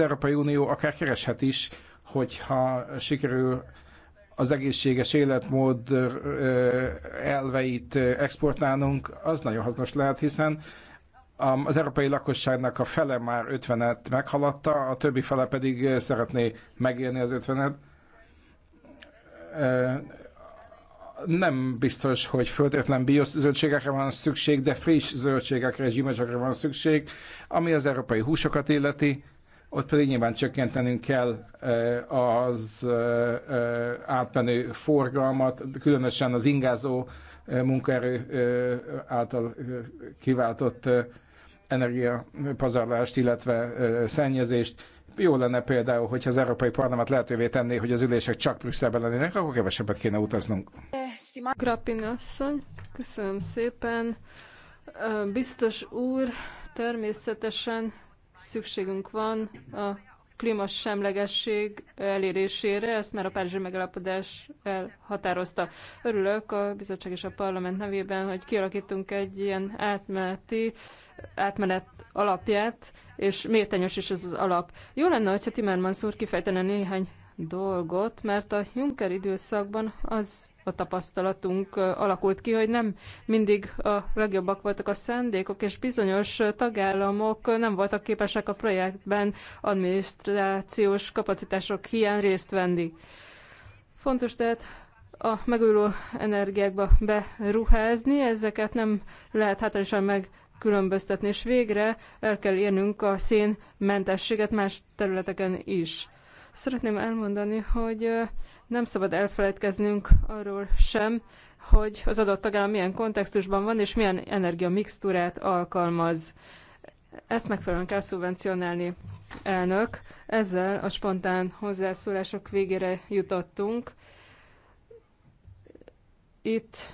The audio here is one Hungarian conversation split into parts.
Európai Unió akár kereshet is, hogyha sikerül az egészséges életmód elveit exportálnunk, az nagyon hasznos lehet, hiszen az európai lakosságnak a fele már 50-et meghaladta, a többi fele pedig szeretné megélni az 50-et. Nem biztos, hogy föltétlen biosz van szükség, de friss zöldségekre, zsimesakra van szükség, ami az európai húsokat illeti ott pedig nyilván csökkentenünk kell eh, az eh, eh, átmenő forgalmat, különösen az ingázó munkaerő által kiváltott energiapazarlást, illetve szennyezést. Jó lenne például, hogyha az Európai Parlament lehetővé tenné, hogy az ülések csak Brüsszelben lennének, akkor kevesebbet kéne utaznunk. Grappin asszony, köszönöm szépen. Biztos úr, természetesen szükségünk van a klímasemlegesség elérésére, ezt már a Párizsi megállapodás elhatározta. Örülök a bizottság és a parlament nevében, hogy kialakítunk egy ilyen átmeneti átmenet alapját, és méltányos is ez az alap. Jó lenne, hogyha Timmermans úr kifejtene néhány dolgot, mert a Juncker időszakban az a tapasztalatunk alakult ki, hogy nem mindig a legjobbak voltak a szándékok, és bizonyos tagállamok nem voltak képesek a projektben adminisztrációs kapacitások hiány részt venni. Fontos tehát a megújuló energiákba beruházni, ezeket nem lehet hátrányosan meg különböztetni, és végre el kell érnünk a szénmentességet más területeken is. Szeretném elmondani, hogy nem szabad elfelejtkeznünk arról sem, hogy az adott tagállam milyen kontextusban van, és milyen energiamixtúrát alkalmaz. Ezt megfelelően kell szubvencionálni, elnök. Ezzel a spontán hozzászólások végére jutottunk. Itt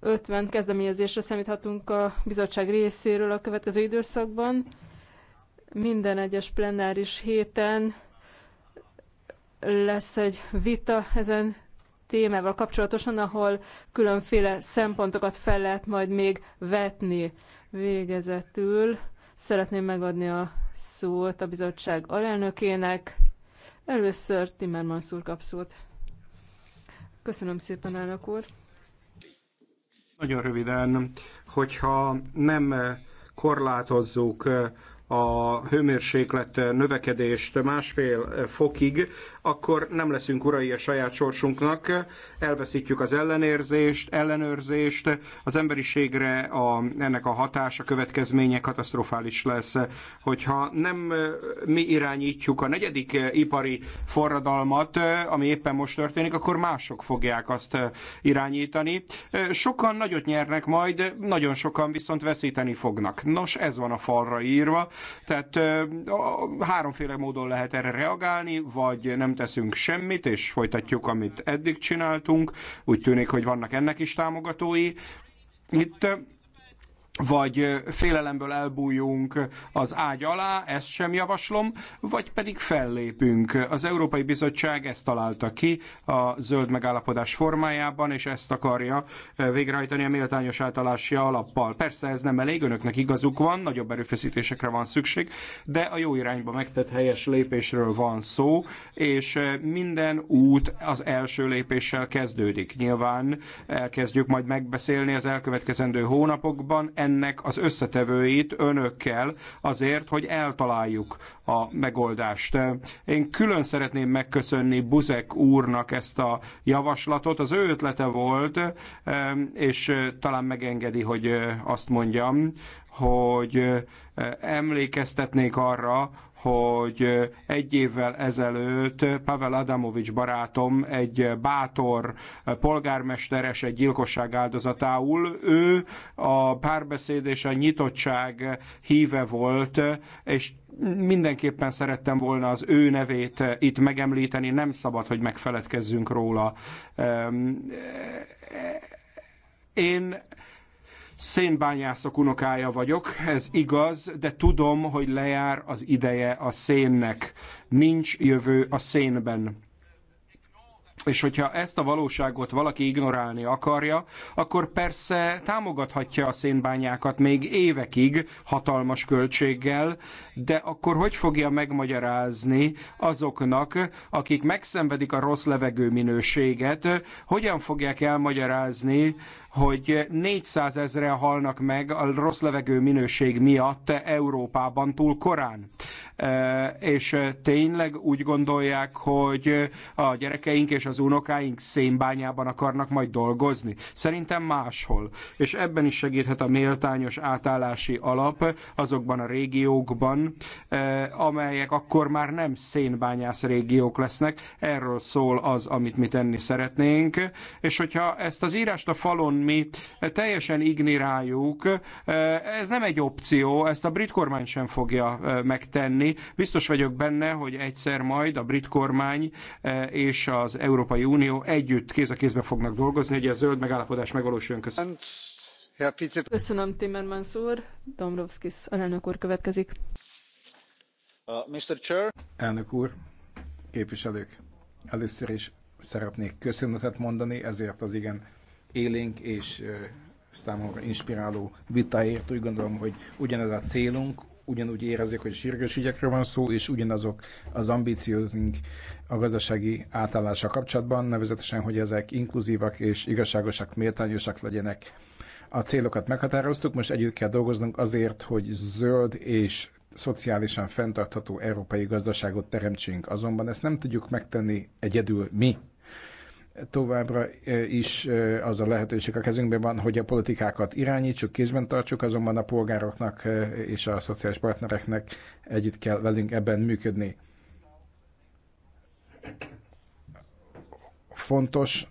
50 kezdeményezésre számíthatunk a bizottság részéről a következő időszakban. Minden egyes plenáris héten lesz egy vita ezen témával kapcsolatosan, ahol különféle szempontokat fel lehet majd még vetni. Végezetül szeretném megadni a szót a bizottság alelnökének. Először Timmermans úr kap szót. Köszönöm szépen, elnök úr. Nagyon röviden, hogyha nem korlátozzuk a hőmérséklet növekedést másfél fokig, akkor nem leszünk urai a saját sorsunknak, elveszítjük az ellenérzést, ellenőrzést, az emberiségre a, ennek a hatása, következménye katasztrofális lesz. Hogyha nem mi irányítjuk a negyedik ipari forradalmat, ami éppen most történik, akkor mások fogják azt irányítani. Sokan nagyot nyernek majd, nagyon sokan viszont veszíteni fognak. Nos, ez van a falra írva tehát háromféle módon lehet erre reagálni, vagy nem teszünk semmit, és folytatjuk, amit eddig csináltunk. Úgy tűnik, hogy vannak ennek is támogatói. Itt vagy félelemből elbújunk az ágy alá, ezt sem javaslom, vagy pedig fellépünk. Az Európai Bizottság ezt találta ki a zöld megállapodás formájában, és ezt akarja végrehajtani a méltányos átállási alappal. Persze ez nem elég, önöknek igazuk van, nagyobb erőfeszítésekre van szükség, de a jó irányba megtett helyes lépésről van szó, és minden út az első lépéssel kezdődik. Nyilván elkezdjük majd megbeszélni az elkövetkezendő hónapokban, ennek az összetevőit önökkel azért, hogy eltaláljuk a megoldást. Én külön szeretném megköszönni Buzek úrnak ezt a javaslatot. Az ő ötlete volt, és talán megengedi, hogy azt mondjam, hogy emlékeztetnék arra, hogy egy évvel ezelőtt Pavel Adamovics barátom, egy bátor polgármesteres, egy gyilkosság áldozatául, ő a párbeszéd és a nyitottság híve volt, és mindenképpen szerettem volna az ő nevét itt megemlíteni, nem szabad, hogy megfeledkezzünk róla. Én Szénbányászok unokája vagyok, ez igaz, de tudom, hogy lejár az ideje a szénnek. Nincs jövő a szénben. És hogyha ezt a valóságot valaki ignorálni akarja, akkor persze támogathatja a szénbányákat még évekig hatalmas költséggel, de akkor hogy fogja megmagyarázni azoknak, akik megszenvedik a rossz levegő minőséget, hogyan fogják elmagyarázni, hogy 400 ezeren halnak meg a rossz levegő minőség miatt Európában túl korán és tényleg úgy gondolják, hogy a gyerekeink és az unokáink szénbányában akarnak majd dolgozni. Szerintem máshol. És ebben is segíthet a méltányos átállási alap azokban a régiókban, amelyek akkor már nem szénbányász régiók lesznek. Erről szól az, amit mi tenni szeretnénk. És hogyha ezt az írást a falon mi teljesen ignoráljuk, ez nem egy opció, ezt a brit kormány sem fogja megtenni, tenni. Biztos vagyok benne, hogy egyszer majd a brit kormány e, és az Európai Unió együtt kéz a kézbe fognak dolgozni, hogy a zöld megállapodás megvalósuljon. Köszönöm. Köszönöm Timmermans úr. Domrovskis alelnök úr következik. Uh, Mr. Chair. Elnök úr, képviselők, először is szeretnék köszönetet mondani ezért az igen élénk és számomra inspiráló vitáért. Úgy gondolom, hogy ugyanez a célunk, ugyanúgy érezzük, hogy sürgős ügyekről van szó, és ugyanazok az ambíciózink a gazdasági átállással kapcsolatban, nevezetesen, hogy ezek inkluzívak és igazságosak, méltányosak legyenek. A célokat meghatároztuk, most együtt kell dolgoznunk azért, hogy zöld és szociálisan fenntartható európai gazdaságot teremtsünk. Azonban ezt nem tudjuk megtenni egyedül mi, továbbra e, is e, az a lehetőség a kezünkben van, hogy a politikákat irányítsuk, kézben tartsuk, azonban a polgároknak e, és a szociális partnereknek együtt kell velünk ebben működni. Fontos,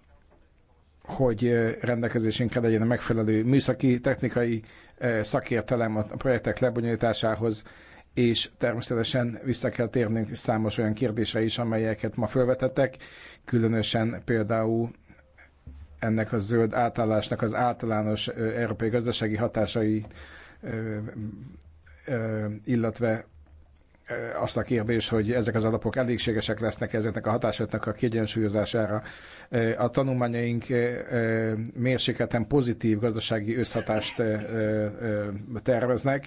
hogy rendelkezésünkre legyen a megfelelő műszaki, technikai szakértelem a projektek lebonyolításához, és természetesen vissza kell térnünk számos olyan kérdésre is, amelyeket ma felvetettek, különösen például ennek a zöld átállásnak az általános európai gazdasági hatásai, illetve azt a kérdés, hogy ezek az alapok elégségesek lesznek ezeknek a hatásoknak a kiegyensúlyozására. A tanulmányaink mérsékelten pozitív gazdasági összhatást terveznek,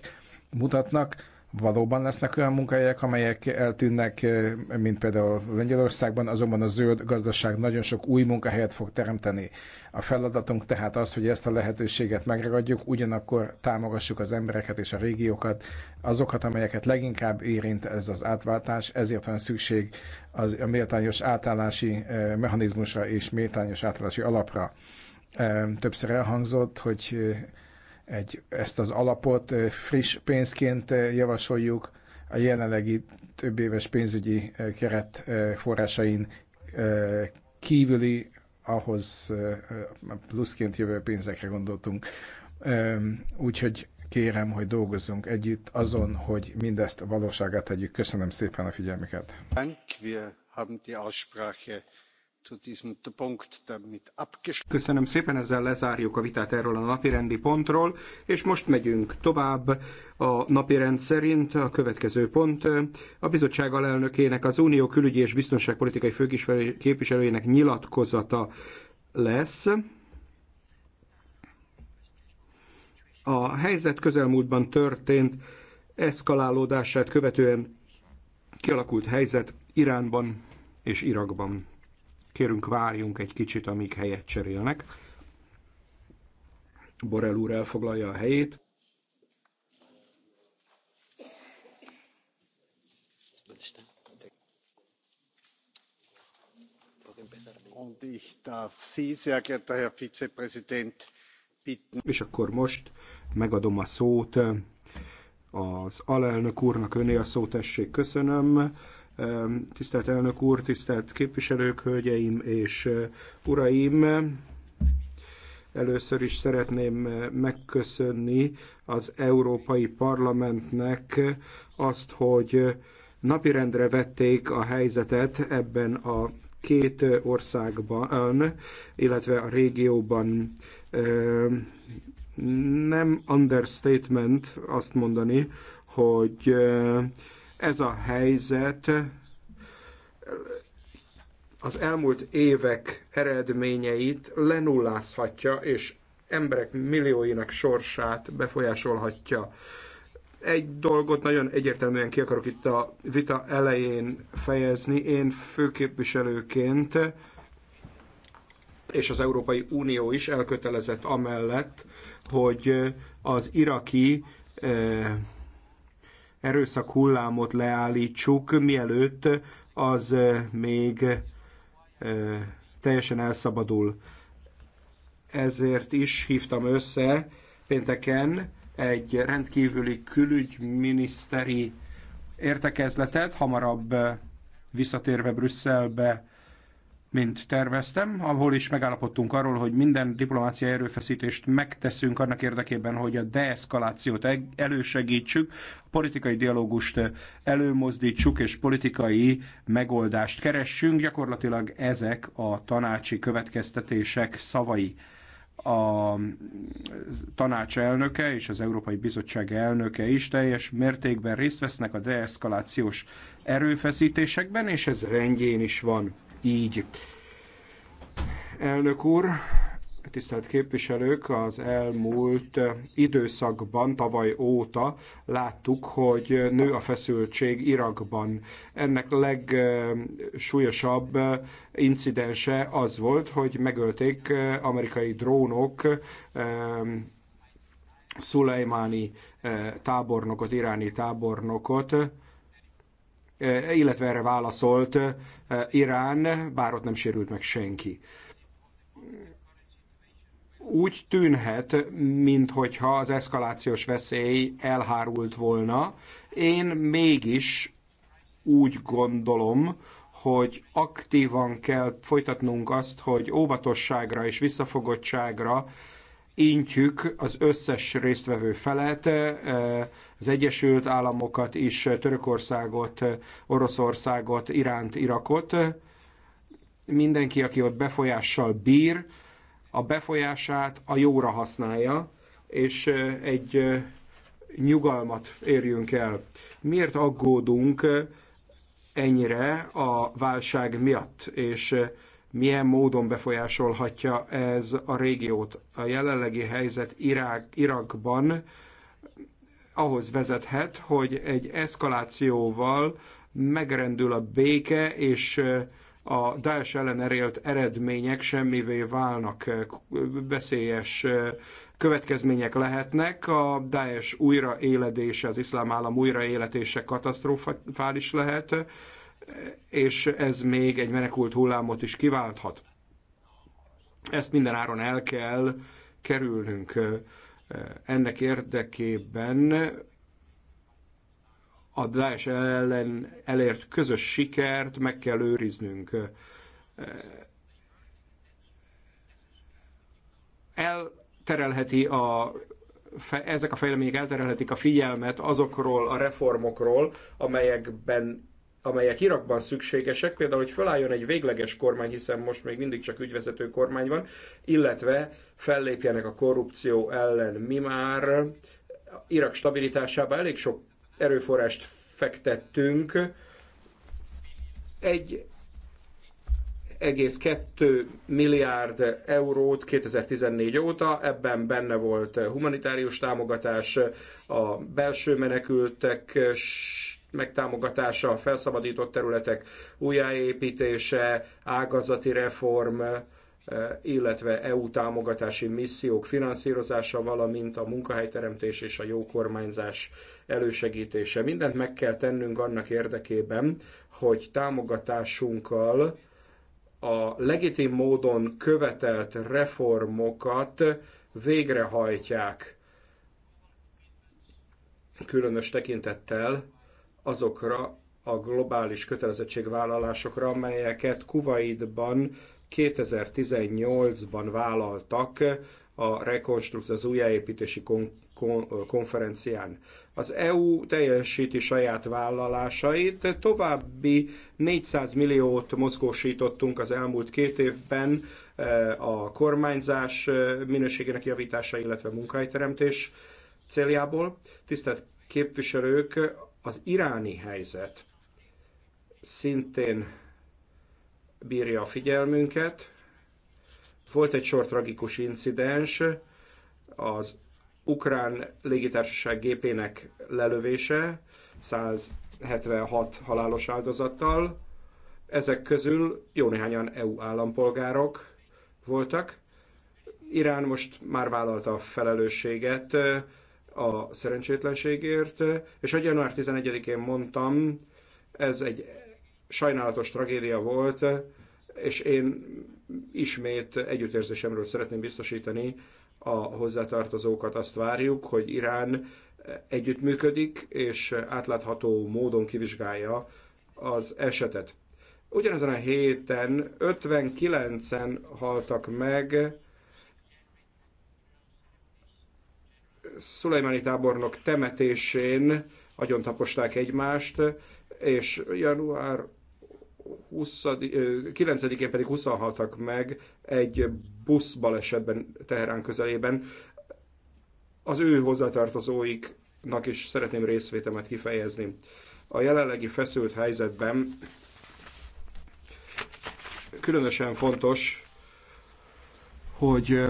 mutatnak Valóban lesznek olyan munkahelyek, amelyek eltűnnek, eh, mint például Lengyelországban, azonban a zöld gazdaság nagyon sok új munkahelyet fog teremteni. A feladatunk tehát az, hogy ezt a lehetőséget megragadjuk, ugyanakkor támogassuk az embereket és a régiókat, azokat, amelyeket leginkább érint ez az átváltás, ezért van szükség az, a méltányos átállási eh, mechanizmusra és méltányos átállási alapra. Eh, többször elhangzott, hogy egy, ezt az alapot friss pénzként javasoljuk a jelenlegi több éves pénzügyi keret forrásain kívüli, ahhoz pluszként jövő pénzekre gondoltunk. Úgyhogy kérem, hogy dolgozzunk együtt azon, hogy mindezt valóságát tegyük. Köszönöm szépen a figyelmüket. Köszönöm szépen, ezzel lezárjuk a vitát erről a napirendi pontról, és most megyünk tovább a napirend szerint. A következő pont a bizottság alelnökének, az Unió külügyi és biztonságpolitikai főképviselőjének nyilatkozata lesz. A helyzet közelmúltban történt eszkalálódását követően kialakult helyzet Iránban és Irakban. Kérünk, várjunk egy kicsit, amíg helyet cserélnek. Borel úr elfoglalja a helyét. És akkor most megadom a szót az alelnök úrnak, öné a szót, tessék, köszönöm. Tisztelt elnök úr, tisztelt képviselők, hölgyeim és uraim! Először is szeretném megköszönni az Európai Parlamentnek azt, hogy napirendre vették a helyzetet ebben a két országban, illetve a régióban. Nem understatement azt mondani, hogy ez a helyzet az elmúlt évek eredményeit lenullázhatja, és emberek millióinak sorsát befolyásolhatja. Egy dolgot nagyon egyértelműen ki akarok itt a vita elején fejezni. Én főképviselőként és az Európai Unió is elkötelezett amellett, hogy az iraki eh, erőszak hullámot leállítsuk, mielőtt az még teljesen elszabadul. Ezért is hívtam össze pénteken egy rendkívüli külügyminiszteri értekezletet, hamarabb visszatérve Brüsszelbe mint terveztem, ahol is megállapodtunk arról, hogy minden diplomáciai erőfeszítést megteszünk annak érdekében, hogy a deeszkalációt e- elősegítsük, a politikai dialógust előmozdítsuk és politikai megoldást keressünk. Gyakorlatilag ezek a tanácsi következtetések szavai a tanács elnöke és az Európai Bizottság elnöke is teljes mértékben részt vesznek a deeszkalációs erőfeszítésekben, és ez rendjén is van így. Elnök úr, tisztelt képviselők, az elmúlt időszakban, tavaly óta láttuk, hogy nő a feszültség Irakban. Ennek legsúlyosabb incidense az volt, hogy megölték amerikai drónok Szulajmáni eh, tábornokot, iráni tábornokot, Eh, illetve erre válaszolt eh, Irán, bár ott nem sérült meg senki. Úgy tűnhet, minthogyha az eszkalációs veszély elhárult volna. Én mégis úgy gondolom, hogy aktívan kell folytatnunk azt, hogy óvatosságra és visszafogottságra intjük az összes résztvevő felet, e, az Egyesült Államokat is, Törökországot, Oroszországot, Iránt, Irakot. Mindenki, aki ott befolyással bír, a befolyását a jóra használja, és e, egy e, nyugalmat érjünk el. Miért aggódunk ennyire a válság miatt? És milyen módon befolyásolhatja ez a régiót. A jelenlegi helyzet Irák, Irakban ahhoz vezethet, hogy egy eszkalációval megrendül a béke, és eh, a Daesh ellen erélt eredmények semmivé válnak, veszélyes eh, következmények lehetnek. A Daesh újraéledése, az iszlám állam újraéletése katasztrofális lehet és ez még egy menekült hullámot is kiválthat. Ezt minden áron el kell kerülnünk. Ennek érdekében a Daesh ellen elért közös sikert meg kell őriznünk. Elterelheti a ezek a fejlemények elterelhetik a figyelmet azokról a reformokról, amelyekben amelyek Irakban szükségesek, például, hogy felálljon egy végleges kormány, hiszen most még mindig csak ügyvezető kormány van, illetve fellépjenek a korrupció ellen. Mi már Irak stabilitásába elég sok erőforrást fektettünk. Egy 1,2 milliárd eurót 2014 óta, ebben benne volt humanitárius támogatás, a belső menekültek megtámogatása, felszabadított területek újjáépítése, ágazati reform, eh, illetve EU támogatási missziók finanszírozása, valamint a munkahelyteremtés és a jó kormányzás elősegítése. Mindent meg kell tennünk annak érdekében, hogy támogatásunkkal a legitim módon követelt reformokat végrehajtják, különös tekintettel azokra a globális kötelezettségvállalásokra, amelyeket Kuwaitban 2018-ban vállaltak a rekonstrukció, az újjáépítési kon, kon, konferencián. Az EU teljesíti saját vállalásait, további 400 milliót mozgósítottunk az elmúlt két évben eh, a kormányzás eh, minőségének javítása, illetve munkahelyteremtés céljából. Tisztelt képviselők, az iráni helyzet szintén bírja a figyelmünket. Volt egy sor tragikus incidens, az ukrán légitársaság gépének lelövése 176 halálos áldozattal. Ezek közül jó néhányan EU állampolgárok voltak. Irán most már vállalta a felelősséget, a szerencsétlenségért, és hogy január 11-én mondtam, ez egy sajnálatos tragédia volt, és én ismét együttérzésemről szeretném biztosítani a hozzátartozókat. Azt várjuk, hogy Irán együttműködik, és átlátható módon kivizsgálja az esetet. Ugyanezen a héten 59-en haltak meg Szulajmáni tábornok temetésén agyontaposták egymást, és január 9-én pedig 20 haltak meg egy buszbalesetben Teherán közelében. Az ő hozzátartozóiknak is szeretném részvétemet kifejezni. A jelenlegi feszült helyzetben különösen fontos, hogy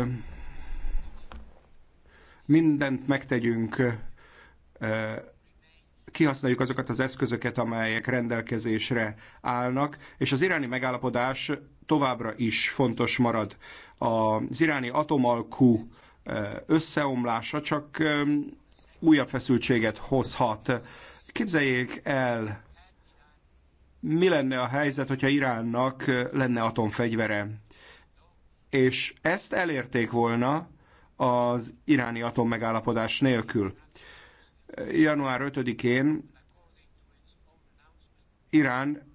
mindent megtegyünk, kihasználjuk azokat az eszközöket, amelyek rendelkezésre állnak, és az iráni megállapodás továbbra is fontos marad. Az iráni atomalkú összeomlása csak újabb feszültséget hozhat. Képzeljék el, mi lenne a helyzet, hogyha Iránnak lenne atomfegyvere. És ezt elérték volna, az iráni atommegállapodás nélkül. Január 5-én Irán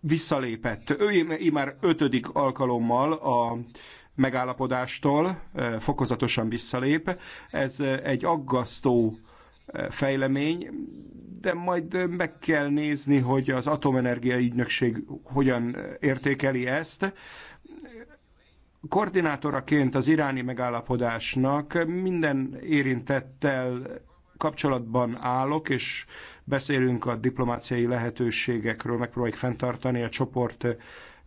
visszalépett. Ő már ötödik alkalommal a megállapodástól eh, fokozatosan visszalép. Ez eh, egy aggasztó fejlemény, de majd meg kell nézni, hogy az atomenergia ügynökség hogyan értékeli ezt. Koordinátoraként az iráni megállapodásnak minden érintettel kapcsolatban állok, és beszélünk a diplomáciai lehetőségekről, megpróbáljuk fenntartani a csoport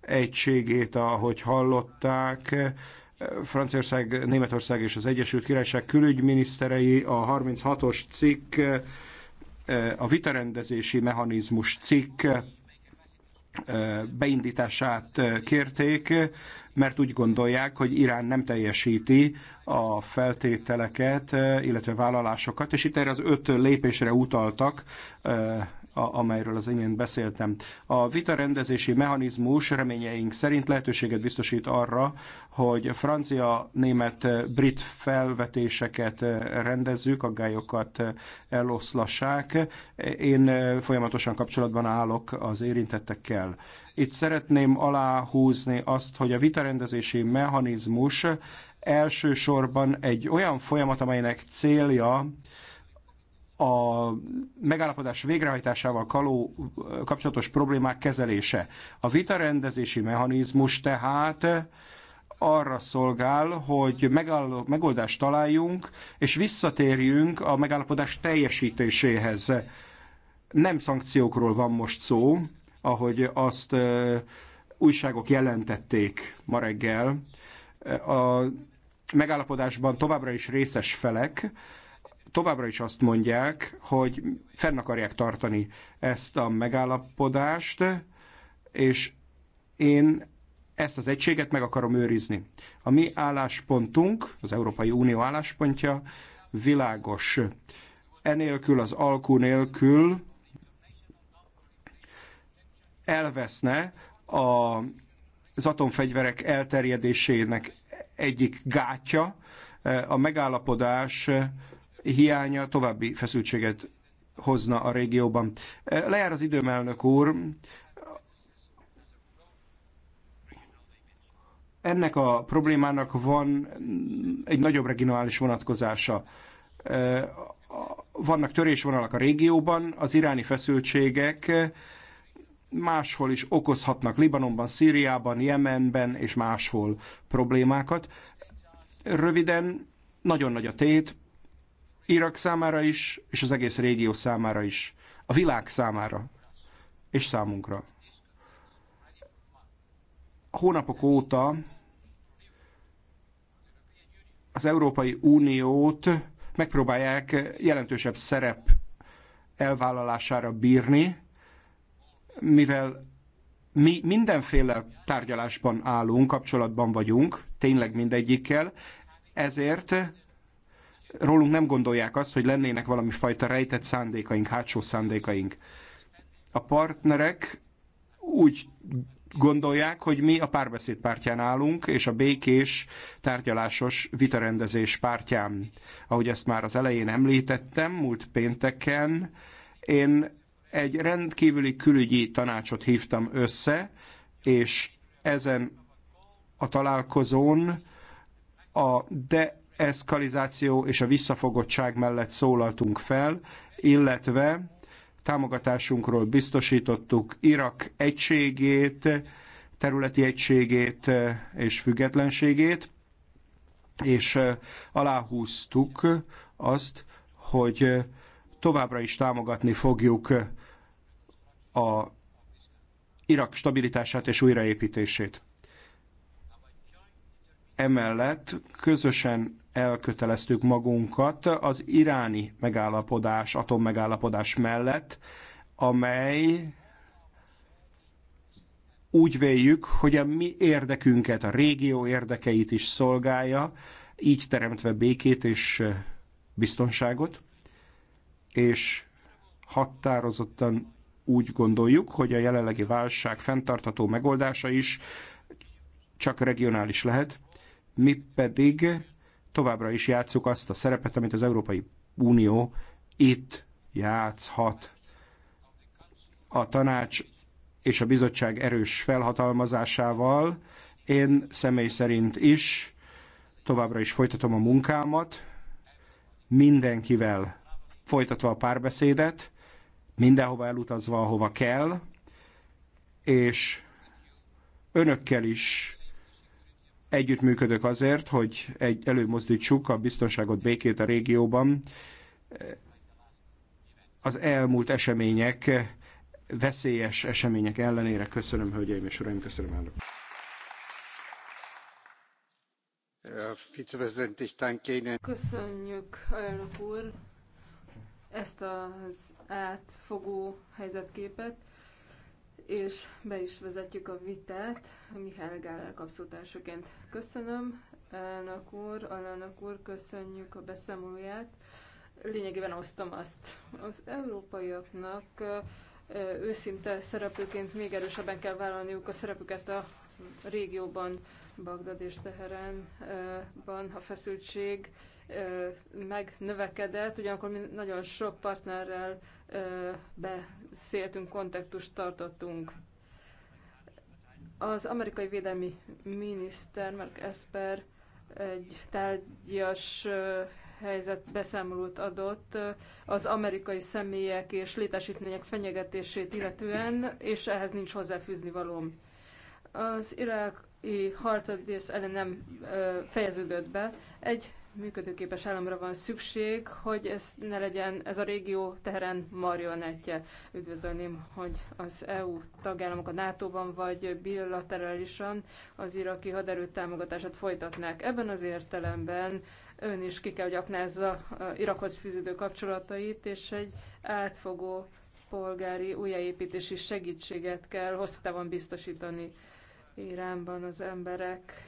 egységét, ahogy hallották Franciaország, Németország és az Egyesült Királyság külügyminiszterei a 36-os cikk, a vitarendezési mechanizmus cikk eh, beindítását kérték, mert úgy gondolják, hogy Irán nem teljesíti a feltételeket, eh, illetve vállalásokat, és itt erre az öt lépésre utaltak eh, a, amelyről az imént beszéltem. A vitarendezési mechanizmus reményeink szerint lehetőséget biztosít arra, hogy francia, német, brit felvetéseket rendezzük, aggályokat eloszlassák. Én folyamatosan kapcsolatban állok az érintettekkel. Itt szeretném aláhúzni azt, hogy a vitarendezési mechanizmus elsősorban egy olyan folyamat, amelynek célja, a megállapodás végrehajtásával kaló, kapcsolatos problémák kezelése. A vitarendezési mechanizmus tehát arra szolgál, hogy megáll, megoldást találjunk, és visszatérjünk a megállapodás teljesítéséhez. Nem szankciókról van most szó, ahogy azt újságok jelentették ma reggel. A megállapodásban továbbra is részes felek, továbbra is azt mondják, hogy fenn akarják tartani ezt a megállapodást, és én ezt az egységet meg akarom őrizni. A mi álláspontunk, az Európai Unió álláspontja világos. Enélkül, az alkú nélkül elveszne a, az atomfegyverek elterjedésének egyik gátja, a megállapodás hiánya további feszültséget hozna a régióban. Lejár az időm, elnök úr. Ennek a problémának van egy nagyobb regionális vonatkozása. Vannak törésvonalak a régióban, az iráni feszültségek máshol is okozhatnak Libanonban, Szíriában, Jemenben és máshol problémákat. Röviden, nagyon nagy a tét, Irak számára is, és az egész régió számára is, a világ számára, és számunkra. Hónapok óta az Európai Uniót megpróbálják jelentősebb szerep elvállalására bírni, mivel mi mindenféle tárgyalásban állunk, kapcsolatban vagyunk, tényleg mindegyikkel, ezért rólunk nem gondolják azt, hogy lennének valami fajta rejtett szándékaink, hátsó szándékaink. A partnerek úgy gondolják, hogy mi a párbeszéd pártján állunk, és a békés tárgyalásos vitarendezés pártján. Ahogy ezt már az elején említettem, múlt pénteken én egy rendkívüli külügyi tanácsot hívtam össze, és ezen a találkozón a de eszkalizáció és a visszafogottság mellett szólaltunk fel, illetve támogatásunkról biztosítottuk Irak egységét, területi egységét eh, és függetlenségét, és eh, aláhúztuk azt, hogy eh, továbbra is támogatni fogjuk a Irak stabilitását és újraépítését. Emellett közösen elköteleztük magunkat az iráni megállapodás, atommegállapodás mellett, amely úgy véljük, hogy a mi érdekünket, a régió érdekeit is szolgálja, így teremtve békét és biztonságot, és határozottan úgy gondoljuk, hogy a jelenlegi válság fenntartható megoldása is csak regionális lehet, mi pedig továbbra is játsszuk azt a szerepet, amit az Európai Unió itt játszhat. A tanács és a bizottság erős felhatalmazásával én személy szerint is továbbra is folytatom a munkámat, mindenkivel folytatva a párbeszédet, mindenhova elutazva, ahova kell, és önökkel is Együttműködök azért, hogy egy, előmozdítsuk a biztonságot, békét a régióban. Az elmúlt események, veszélyes események ellenére köszönöm, hölgyeim és uraim, köszönöm elnök. Köszönjük, elnök úr, ezt az átfogó helyzetképet és be is vezetjük a vitát. Mihály Gálár kapszótársaként köszönöm. Elnök úr, alelnök úr, köszönjük a beszámolóját. Lényegében osztom azt. Az európaiaknak őszinte szereplőként még erősebben kell vállalniuk a szerepüket a régióban. Bagdad és Teheránban a feszültség megnövekedett, ugyanakkor mi nagyon sok partnerrel beszéltünk, kontaktust tartottunk. Az amerikai védelmi miniszter, Mark Esper egy tárgyas helyzet beszámolót adott az amerikai személyek és létesítmények fenyegetését illetően, és ehhez nincs hozzáfűzni valóm az iráki harcadés ellen nem fejeződött be. Egy működőképes államra van szükség, hogy ez ne legyen ez a régió Teheren marionettje. Üdvözölném, hogy az EU tagállamok a NATO-ban vagy bilaterálisan az iraki haderő támogatását folytatnák. Ebben az értelemben ön is ki kell, hogy aknázza Irakhoz fűződő kapcsolatait, és egy átfogó polgári újjáépítési segítséget kell hosszú távon biztosítani. Iránban az emberek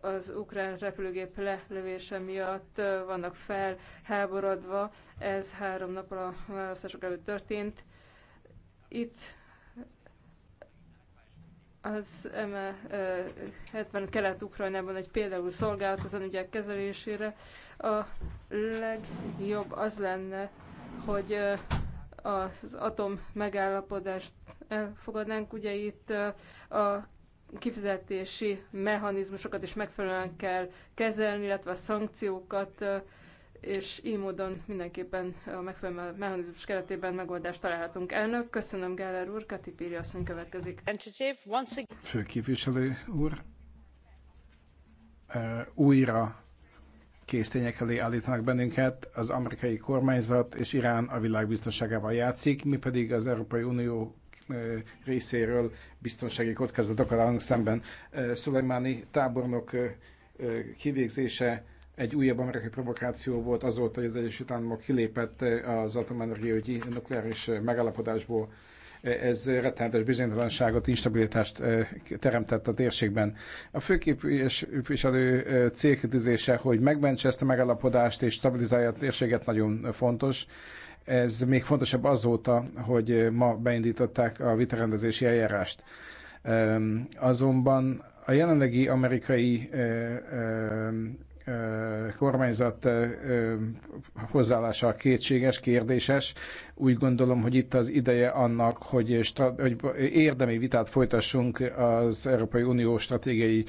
az ukrán repülőgép lelövése miatt vannak felháborodva. Ez három nappal a választások előtt történt. Itt az EME 70 Kelet-Ukrajnában egy például szolgált az ügyek kezelésére. A legjobb az lenne, hogy az atom megállapodást elfogadnánk. Ugye itt a kifizetési mechanizmusokat is megfelelően kell kezelni, illetve a szankciókat, és így módon mindenképpen a megfelelő mechanizmus keretében megoldást találhatunk. Elnök, köszönöm Geller úr, Kati Píri asszony következik. Főképviselő úr, újra késztények elé állítanak bennünket, az amerikai kormányzat és Irán a világ biztonságával játszik, mi pedig az Európai Unió részéről biztonsági kockázatokkal állunk szemben. Szulajmáni tábornok kivégzése egy újabb amerikai provokáció volt azóta, hogy az Egyesült Államok kilépett az atomenergiai nukleáris megállapodásból. Ez rettenetes bizonytalanságot, instabilitást teremtett a térségben. A főképviselő célkitűzése, hogy megmentse ezt a megállapodást és stabilizálja a térséget nagyon fontos. Ez még fontosabb azóta, hogy ma beindították a vitarendezési eljárást. Azonban a jelenlegi amerikai kormányzat hozzáállása kétséges, kérdéses. Úgy gondolom, hogy itt az ideje annak, hogy, hogy érdemi vitát folytassunk az Európai Unió stratégiai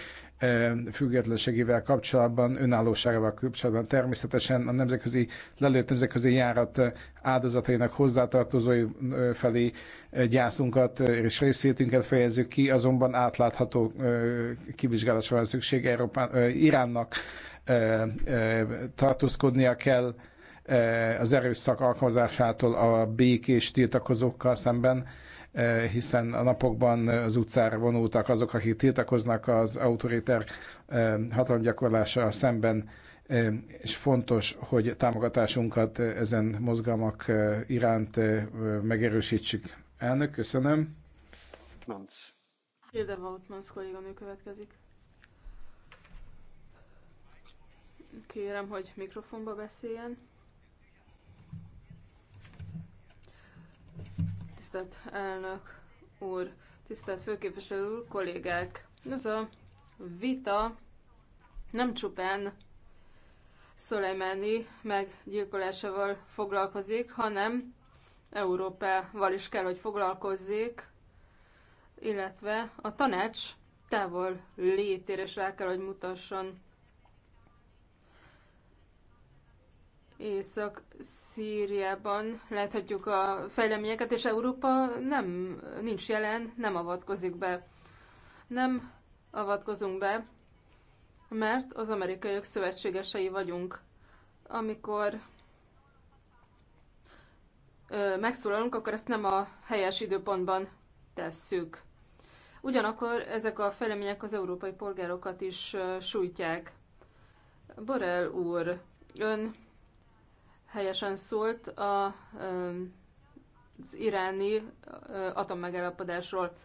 függetlenségével kapcsolatban, önállóságával kapcsolatban. Természetesen a nemzetközi, lelőtt nemzetközi járat áldozatainak hozzátartozói felé gyászunkat és részvétünket fejezzük ki, azonban átlátható kivizsgálásra van szükség Európán, Iránnak tartózkodnia kell az erőszak alkalmazásától a békés tiltakozókkal szemben, hiszen a napokban az utcára vonultak azok, akik tiltakoznak az autoriter hatalomgyakorlással szemben, és fontos, hogy támogatásunkat ezen mozgalmak iránt megerősítsük. Elnök, köszönöm. Manc. Hilde Vautmans kolléganő következik. Kérem, hogy mikrofonba beszéljen. Tisztelt elnök úr, tisztelt főképviselő úr, kollégák! Ez a vita nem csupán Szolejmáni meggyilkolásával foglalkozik, hanem Európával is kell, hogy foglalkozzék, illetve a tanács távol létére is rá kell, hogy mutasson Észak-Szíriában láthatjuk a fejleményeket, és Európa nem, nincs jelen, nem avatkozik be. Nem avatkozunk be, mert az amerikaiak szövetségesei vagyunk. Amikor ö, megszólalunk, akkor ezt nem a helyes időpontban tesszük. Ugyanakkor ezek a fejlemények az európai polgárokat is sújtják. Borel úr, ön helyesen szólt a, az iráni atommegállapodásról.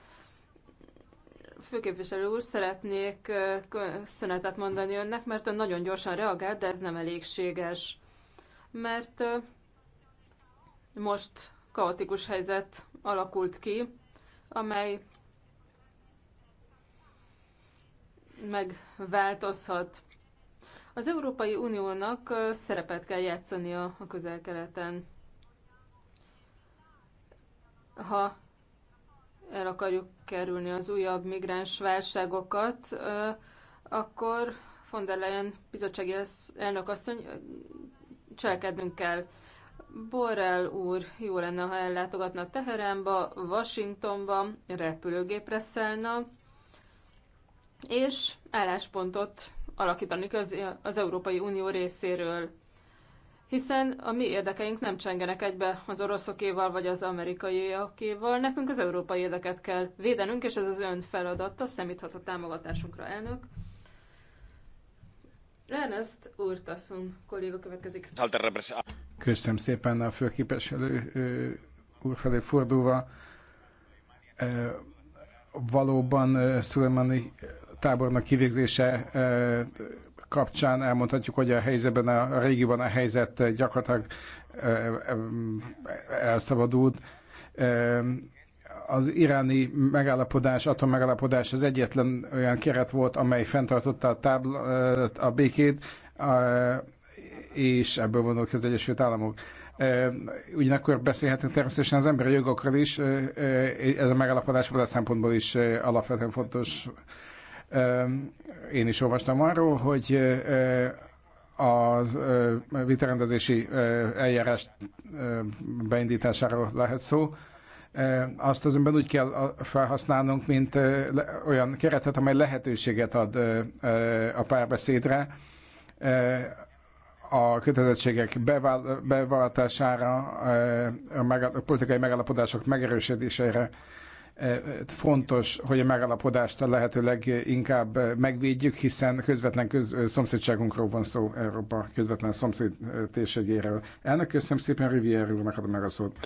Főképviselő úr, szeretnék köszönetet mondani önnek, mert ön nagyon gyorsan reagált, de ez nem elégséges. Mert most kaotikus helyzet alakult ki, amely megváltozhat. Az Európai Uniónak szerepet kell játszania a közel-keleten. Ha el akarjuk kerülni az újabb migráns válságokat, akkor von der Leyen bizottsági elnök asszony cselekednünk kell. Borrell úr, jó lenne, ha ellátogatna Teheránba, Washingtonba, repülőgépre szállna, és álláspontot alakítani az Európai Unió részéről. Hiszen a mi érdekeink nem csengenek egybe az oroszokéval vagy az amerikaiakéval, nekünk az európai érdeket kell védenünk, és ez az ön feladata, szemíthat a támogatásunkra, elnök. Ernest Urtasun kolléga következik. Köszönöm szépen a főképviselő úr felé fordulva. Valóban Szulemani tábornok kivégzése eh, kapcsán elmondhatjuk, hogy a helyzetben, a, régióban a helyzet gyakorlatilag eh, elszabadult. Eh, az iráni megállapodás, atommegállapodás az egyetlen olyan keret volt, amely fenntartotta a, tábla, a békét, és ebből vonult az Egyesült Államok. Ugyanakkor beszélhetünk természetesen az emberi jogokról is, ez a megállapodás a szempontból is alapvetően fontos én is olvastam arról, hogy a vitarendezési eljárás beindításáról lehet szó. Azt azonban úgy kell felhasználnunk, mint olyan keretet, amely lehetőséget ad a párbeszédre, a kötelezettségek beváltására, a politikai megállapodások megerősödésére, Fontos, hogy a megállapodást a lehető leginkább megvédjük, hiszen közvetlen köz, szomszédságunkról van szó Európa közvetlen szomszéd térségéről. Elnök, köszönöm szépen, Rivier úr, megadom meg a szót.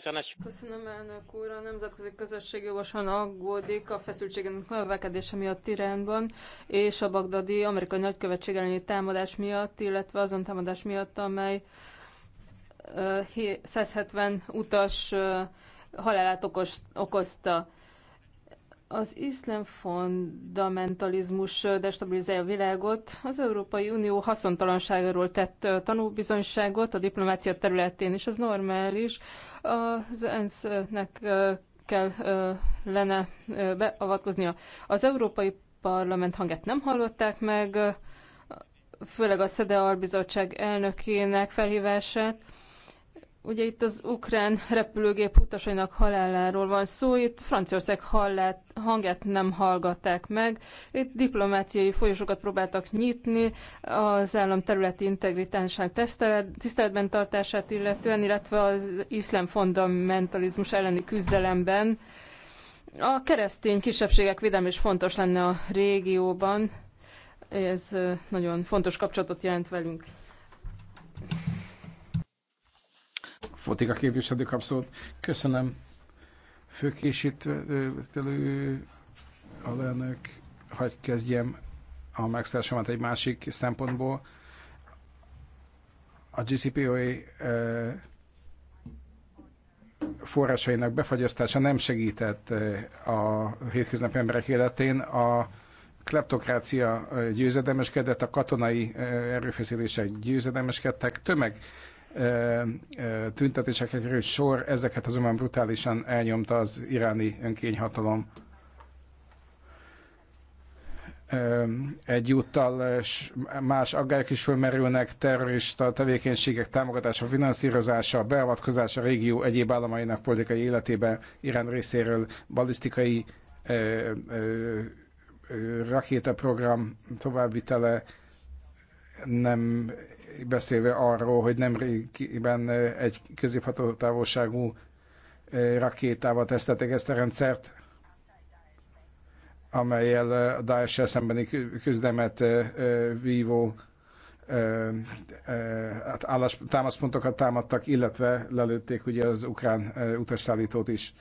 Köszönöm, elnök úr. A nemzetközi közösség jogosan aggódik a feszültségen növekedése miatt Iránban, és a bagdadi amerikai nagykövetség elleni támadás miatt, illetve azon támadás miatt, amely 170 utas halálát okozta. Az iszlám fundamentalizmus destabilizálja a világot. Az Európai Unió haszontalanságáról tett tanúbizonyságot a diplomácia területén, és ez normális. Az ENSZ-nek kell lenne beavatkoznia. Az Európai Parlament hangját nem hallották meg, főleg a SZEDE bizottság elnökének felhívását Ugye itt az ukrán repülőgép utasainak haláláról van szó, itt Franciaország hallát, hangját nem hallgatták meg, itt diplomáciai folyosókat próbáltak nyitni, az állam területi integritánság tiszteletben tartását illetően, illetve az iszlám fundamentalizmus elleni küzdelemben. A keresztény kisebbségek védelme is fontos lenne a régióban, ez nagyon fontos kapcsolatot jelent velünk. Fotik képviselő kap szót. Köszönöm. Főkésítő alelnök, hagyj kezdjem a megszállásomat egy másik szempontból. A GCPOA forrásainak befagyasztása nem segített a hétköznapi emberek életén. A kleptokrácia győzedemeskedett, a katonai erőfeszítések győzedemeskedtek, tömeg tüntetésekre került sor, ezeket azonban brutálisan elnyomta az iráni önkényhatalom. Egyúttal más aggályok is fölmerülnek, terrorista tevékenységek támogatása, finanszírozása, beavatkozása a régió egyéb államainak politikai életébe Irán részéről, balisztikai ö, ö, rakétaprogram továbbvitele nem beszélve arról, hogy nemrégiben egy középható távolságú rakétával tesztelték ezt a rendszert, amelyel a daesh szembeni küzdemet vívó hát támaszpontokat támadtak, illetve lelőtték ugye az ukrán utasszállítót is.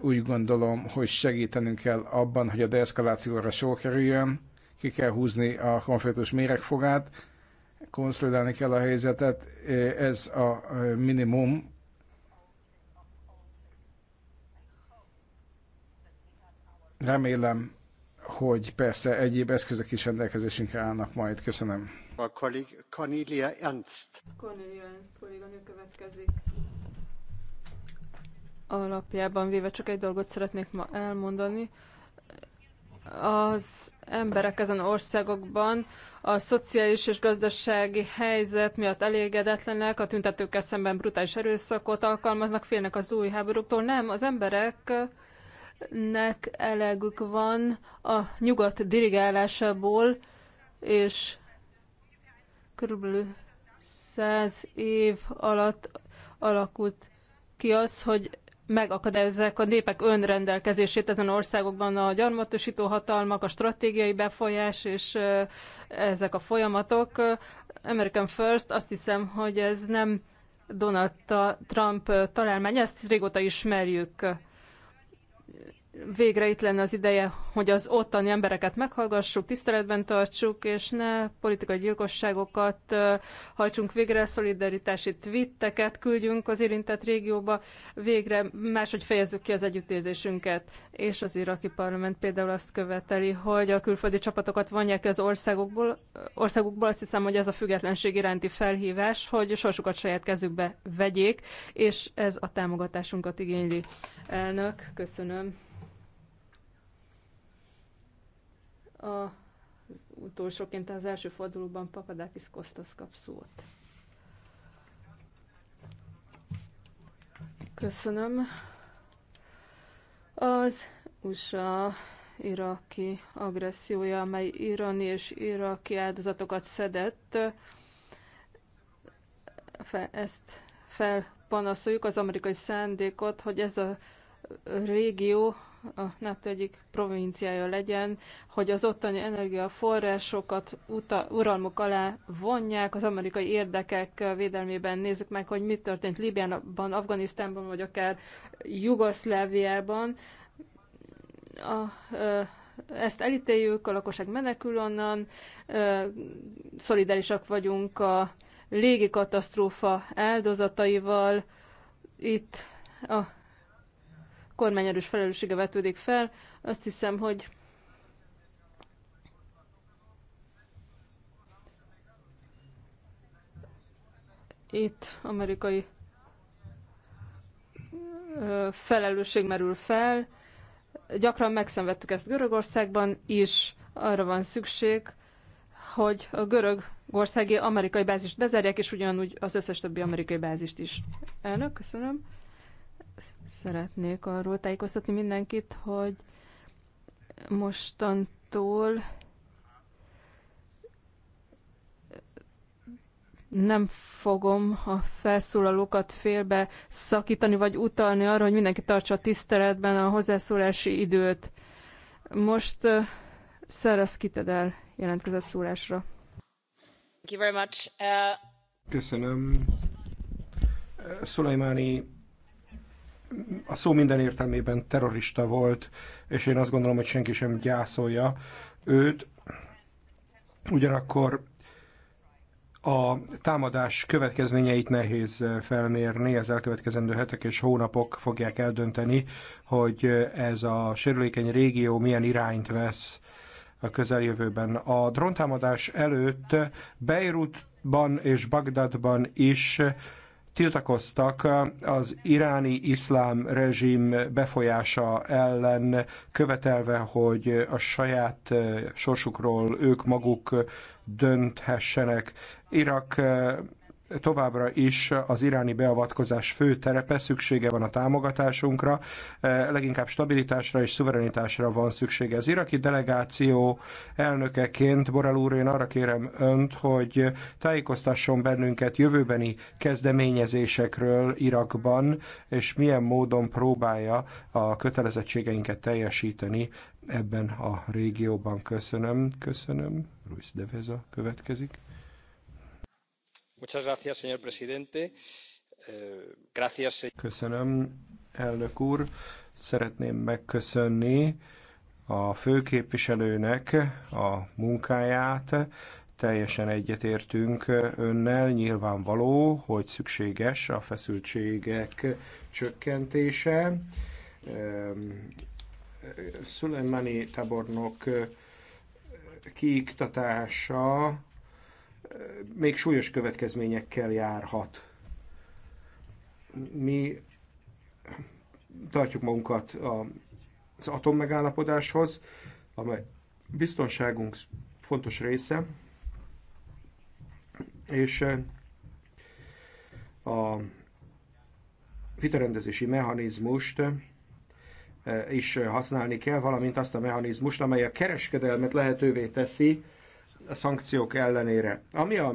Úgy gondolom, hogy segítenünk kell abban, hogy a deeszkalációra sor kerüljön, ki kell húzni a konfliktus méregfogát, konszolidálni kell a helyzetet, ez a minimum. Remélem, hogy persze egyéb eszközök is rendelkezésünkre állnak majd. Köszönöm. A kollég Cornelia Ernst. Cornelia Ernst kolléganő következik. Alapjában véve csak egy dolgot szeretnék ma elmondani. Az emberek ezen országokban a szociális és gazdasági helyzet miatt elégedetlenek, a tüntetőkkel szemben brutális erőszakot alkalmaznak, félnek az új háborúktól. Nem, az embereknek elegük van a nyugat dirigálásából, és körülbelül száz év alatt alakult ki az, hogy megakadályozzák a népek önrendelkezését ezen országokban a gyarmatosító hatalmak, a stratégiai befolyás és ezek a folyamatok. American First, azt hiszem, hogy ez nem Donald Trump találmány, ezt régóta ismerjük végre itt lenne az ideje, hogy az ottani embereket meghallgassuk, tiszteletben tartsuk, és ne politikai gyilkosságokat hajtsunk végre, szolidaritási twitteket küldjünk az érintett régióba, végre máshogy fejezzük ki az együttérzésünket. És az iraki parlament például azt követeli, hogy a külföldi csapatokat vonják az országokból. országokból. Azt hiszem, hogy ez a függetlenség iránti felhívás, hogy sorsukat saját kezükbe vegyék, és ez a támogatásunkat igényli. Elnök, köszönöm. A utolsóként az első fordulóban Papadakis Kostas kap szót. Köszönöm. Az USA iraki agressziója, amely iráni és iraki áldozatokat szedett, fe, ezt felpanaszoljuk az amerikai szándékot, hogy ez a régió a NATO egyik provinciája legyen, hogy az ottani energiaforrásokat uta, uralmuk alá vonják, az amerikai érdekek védelmében nézzük meg, hogy mit történt Líbiában, Afganisztánban, vagy akár Jugoszláviában. A, ezt elítéljük, a lakosság menekül onnan, szolidárisak vagyunk a légi katasztrófa áldozataival. Itt a kormányerős felelőssége vetődik fel. Azt hiszem, hogy itt amerikai felelősség merül fel. Gyakran megszenvedtük ezt Görögországban is. Arra van szükség, hogy a görögországi amerikai bázist bezárják, és ugyanúgy az összes többi amerikai bázist is. Elnök, köszönöm. Szeretnék arról tájékoztatni mindenkit, hogy mostantól nem fogom a felszólalókat félbe szakítani, vagy utalni arra, hogy mindenki tartsa a tiszteletben a hozzászólási időt. Most uh, Szeresz Kitedel jelentkezett szólásra. Thank you very much. Uh... Köszönöm. Szulajmáni a szó minden értelmében terrorista volt, és én azt gondolom, hogy senki sem gyászolja őt. Ugyanakkor a támadás következményeit nehéz felmérni, az elkövetkezendő hetek és hónapok fogják eldönteni, hogy ez a sérülékeny régió milyen irányt vesz a közeljövőben. A dróntámadás előtt Beirutban és Bagdadban is tiltakoztak az iráni iszlám rezsim befolyása ellen, követelve, hogy a saját sorsukról ők maguk dönthessenek. Irak továbbra is az iráni beavatkozás fő terepe, szüksége van a támogatásunkra, eh, leginkább stabilitásra és szuverenitásra van szüksége. Az iraki delegáció elnökeként, Borel úr, én arra kérem önt, hogy tájékoztasson bennünket jövőbeni kezdeményezésekről Irakban, és milyen módon próbálja a kötelezettségeinket teljesíteni ebben a régióban. Köszönöm, köszönöm. Ruiz Deveza következik. Eh, Köszönöm, elnök úr. Szeretném megköszönni a főképviselőnek a munkáját. Teljesen egyetértünk önnel, nyilvánvaló, hogy szükséges a feszültségek csökkentése. Szulejmani tábornok kiiktatása még súlyos következményekkel járhat. Mi tartjuk magunkat az atommegállapodáshoz, amely biztonságunk fontos része, és eh, a vitarendezési mechanizmust eh, is használni kell, valamint azt a mechanizmust, amely a kereskedelmet lehetővé teszi, a szankciók ellenére. Ami a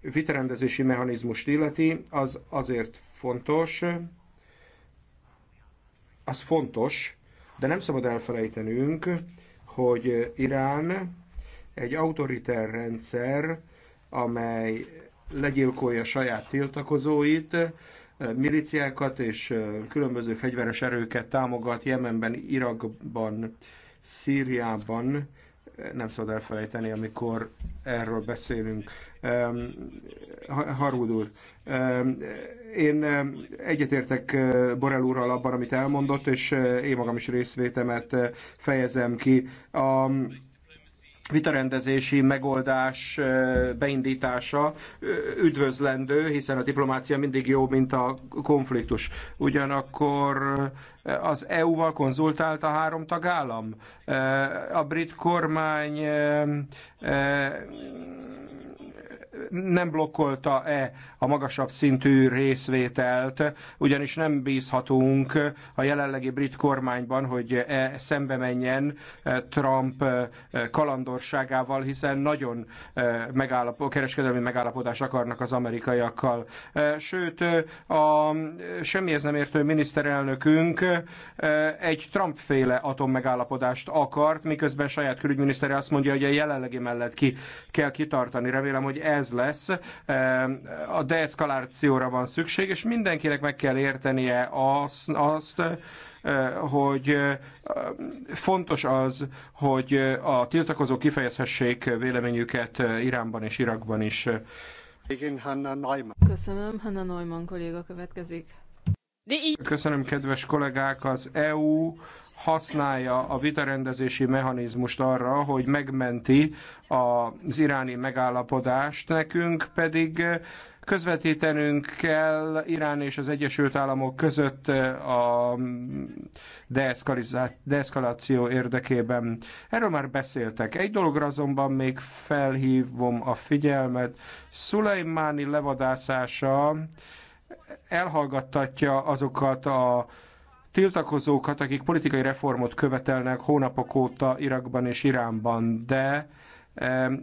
vitarendezési mechanizmust illeti, az azért fontos, az fontos, de nem szabad elfelejtenünk, hogy Irán egy autoriter rendszer, amely legyilkolja saját tiltakozóit, miliciákat és különböző fegyveres erőket támogat Jemenben, Irakban, Szíriában nem szabad elfelejteni, amikor erről beszélünk. Harúd úr, én egyetértek eh, Borel úrral abban, amit elmondott, és eh, én magam is részvétemet eh, fejezem ki. A, vitarendezési megoldás beindítása üdvözlendő, hiszen a diplomácia mindig jó, mint a konfliktus. Ugyanakkor az EU-val konzultált a három tagállam. A brit kormány nem blokkolta-e a magasabb szintű részvételt, ugyanis nem bízhatunk a jelenlegi brit kormányban, hogy e szembe menjen e, Trump e, kalandorságával, hiszen nagyon e, megállap, kereskedelmi megállapodást akarnak az amerikaiakkal. Sőt, a semmihez nem értő miniszterelnökünk egy Trump-féle atommegállapodást akart, miközben saját külügyminisztere azt mondja, hogy a jelenlegi mellett ki kell kitartani. Remélem, hogy ez ez lesz. A deeszkalációra van szükség, és mindenkinek meg kell értenie azt, azt hogy fontos az, hogy a tiltakozók kifejezhessék véleményüket Iránban és Irakban is. Köszönöm, Hanna Neumann kolléga következik. Köszönöm, kedves kollégák, az EU használja a vitarendezési mechanizmust arra, hogy megmenti az iráni megállapodást, nekünk pedig közvetítenünk kell Irán és az Egyesült Államok között a deeszkaláció érdekében. Erről már beszéltek. Egy dologra azonban még felhívom a figyelmet. Szulejmáni levadászása elhallgattatja azokat a tiltakozókat, akik politikai reformot követelnek hónapok óta Irakban és Iránban, de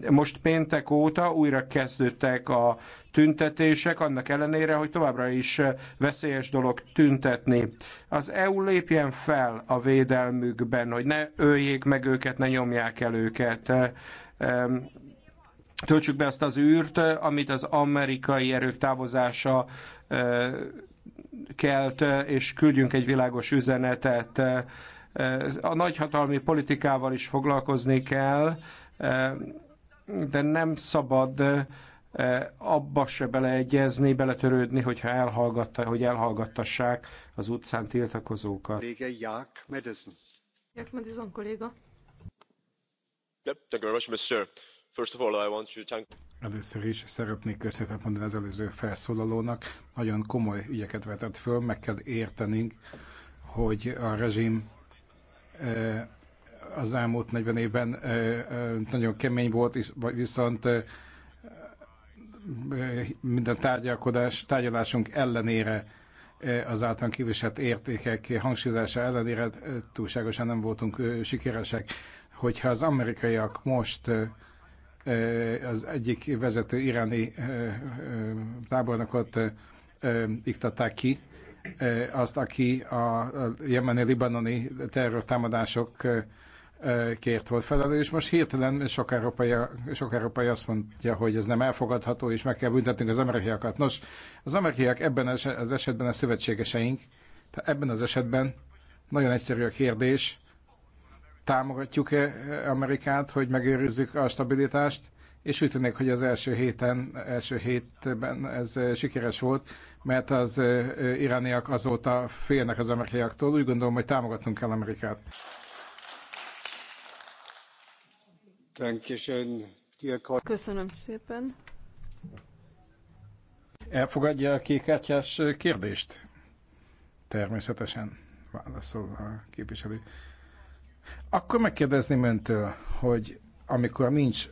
most péntek óta újra kezdődtek a tüntetések, annak ellenére, hogy továbbra is veszélyes dolog tüntetni. Az EU lépjen fel a védelmükben, hogy ne öljék meg őket, ne nyomják el őket. Töltsük be azt az űrt, amit az amerikai erők távozása kelt, és küldjünk egy világos üzenetet. A nagyhatalmi politikával is foglalkozni kell, de nem szabad eh, abba se beleegyezni, beletörődni, hogyha elhallgatta, hogy elhallgattassák az utcán tiltakozókat. Madison. Jack Madison kolléga. Yep, thank you very much, Mr. First of all, I want to thank... Először is szeretnék köszönetet mondani az előző felszólalónak. Nagyon komoly ügyeket vetett föl, meg kell értenünk, hogy a rezsim az elmúlt 40 évben nagyon kemény volt, viszont minden tárgyalkodás, tárgyalásunk ellenére az általán kiviselt értékek hangsúlyozása ellenére túlságosan nem voltunk sikeresek. Hogyha az amerikaiak most az egyik vezető iráni tábornokot iktatták ki, azt, aki a jemeni, libanoni terrortámadások kért volt és Most hirtelen sok európai, sok európai azt mondja, hogy ez nem elfogadható, és meg kell büntetnünk az amerikaiakat. Nos, az amerikaiak ebben az esetben a szövetségeseink, tehát ebben az esetben nagyon egyszerű a kérdés, Támogatjuk-e Amerikát, hogy megőrizzük a stabilitást? És úgy tűnik, hogy az első héten, első hétben ez eh, sikeres volt, mert az eh, irániak azóta félnek az amerikaiaktól. Úgy gondolom, hogy támogatnunk kell Amerikát. Köszönöm szépen. Elfogadja a kékártyás kérdést? Természetesen, válaszol a képviselő. Akkor megkérdezném öntől, hogy amikor nincs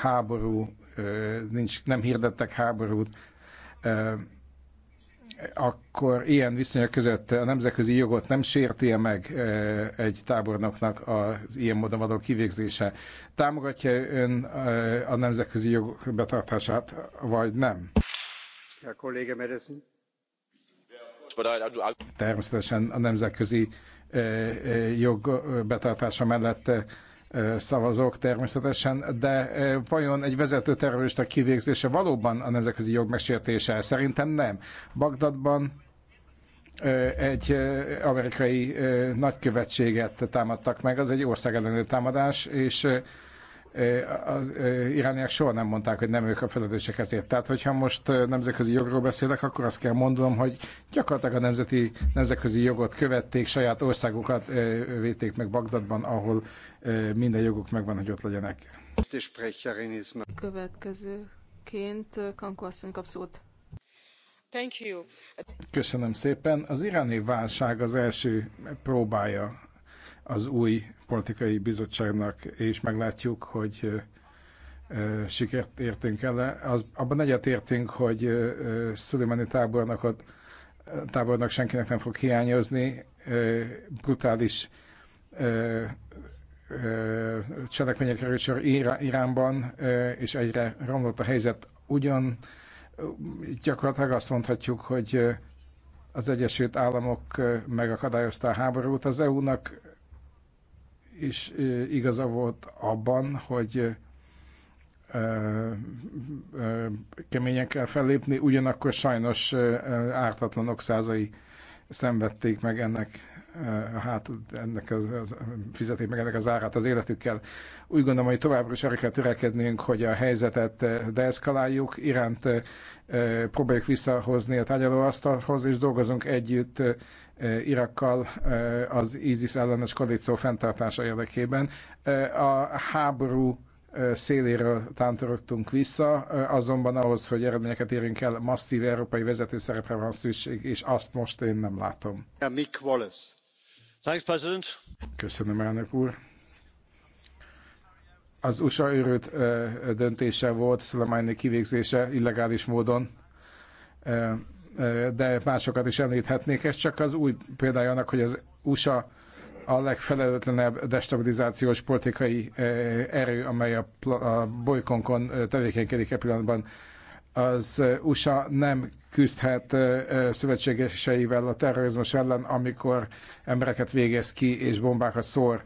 háború, nincs, nem hirdettek háborút, akkor ilyen viszonyok között a nemzetközi jogot nem sérti meg egy tábornoknak az ilyen módon való kivégzése? Támogatja ön a nemzetközi jog betartását, vagy nem? A kolléga Természetesen a nemzetközi jog betartása mellett szavazok természetesen, de vajon egy vezető terrorista kivégzése valóban a nemzetközi jog megsértése? Szerintem nem. Bagdadban egy amerikai nagykövetséget támadtak meg, az egy ország elleni támadás, és az irániak soha nem mondták, hogy nem ők a felelősek ezért. Tehát, hogyha most nemzetközi jogról beszélek, akkor azt kell mondanom, hogy gyakorlatilag a nemzeti, nemzetközi jogot követték, saját országokat védték meg Bagdadban, ahol minden joguk megvan, hogy ott legyenek. Következőként Kanko asszony kap szót. Köszönöm szépen. Az iráni válság az első próbája az új politikai bizottságnak, és meglátjuk, hogy sikert értünk el. Az, abban egyet értünk, hogy Szulimani tábornak, ott, tábornak senkinek nem fog hiányozni, brutális cselekmények került sor Iránban, és egyre romlott a helyzet. Ugyan gyakorlatilag azt mondhatjuk, hogy az Egyesült Államok megakadályozta a háborút. Az EU-nak is igaza volt abban, hogy keményen kell fellépni, ugyanakkor sajnos ártatlanok százai szenvedték meg ennek, hát ennek az, az, fizeték meg ennek az árát az életükkel. Úgy gondolom, hogy továbbra is arra kell törekednünk, hogy a helyzetet deeszkaláljuk, iránt próbáljuk visszahozni a tárgyalóasztalhoz, és dolgozunk együtt Eh, Irakkal eh, az ISIS ellenes koalíció fenntartása érdekében. Eh, a háború széléről tántorogtunk vissza, azonban ahhoz, hogy eredményeket érjünk el, masszív európai vezető szerepre van szükség, és azt most én nem látom. Mick Wallace. Köszönöm, elnök úr. Az USA őrült döntése volt, Szulamányi kivégzése illegális módon de másokat is említhetnék. Ez csak az új példája annak, hogy az USA a legfelelőtlenebb destabilizációs politikai e, erő, amely a, bolykonkon e, tevékenykedik e pillanatban. Az e, USA nem küzdhet szövetségeseivel a terrorizmus ellen, amikor embereket végez ki és bombákat szór.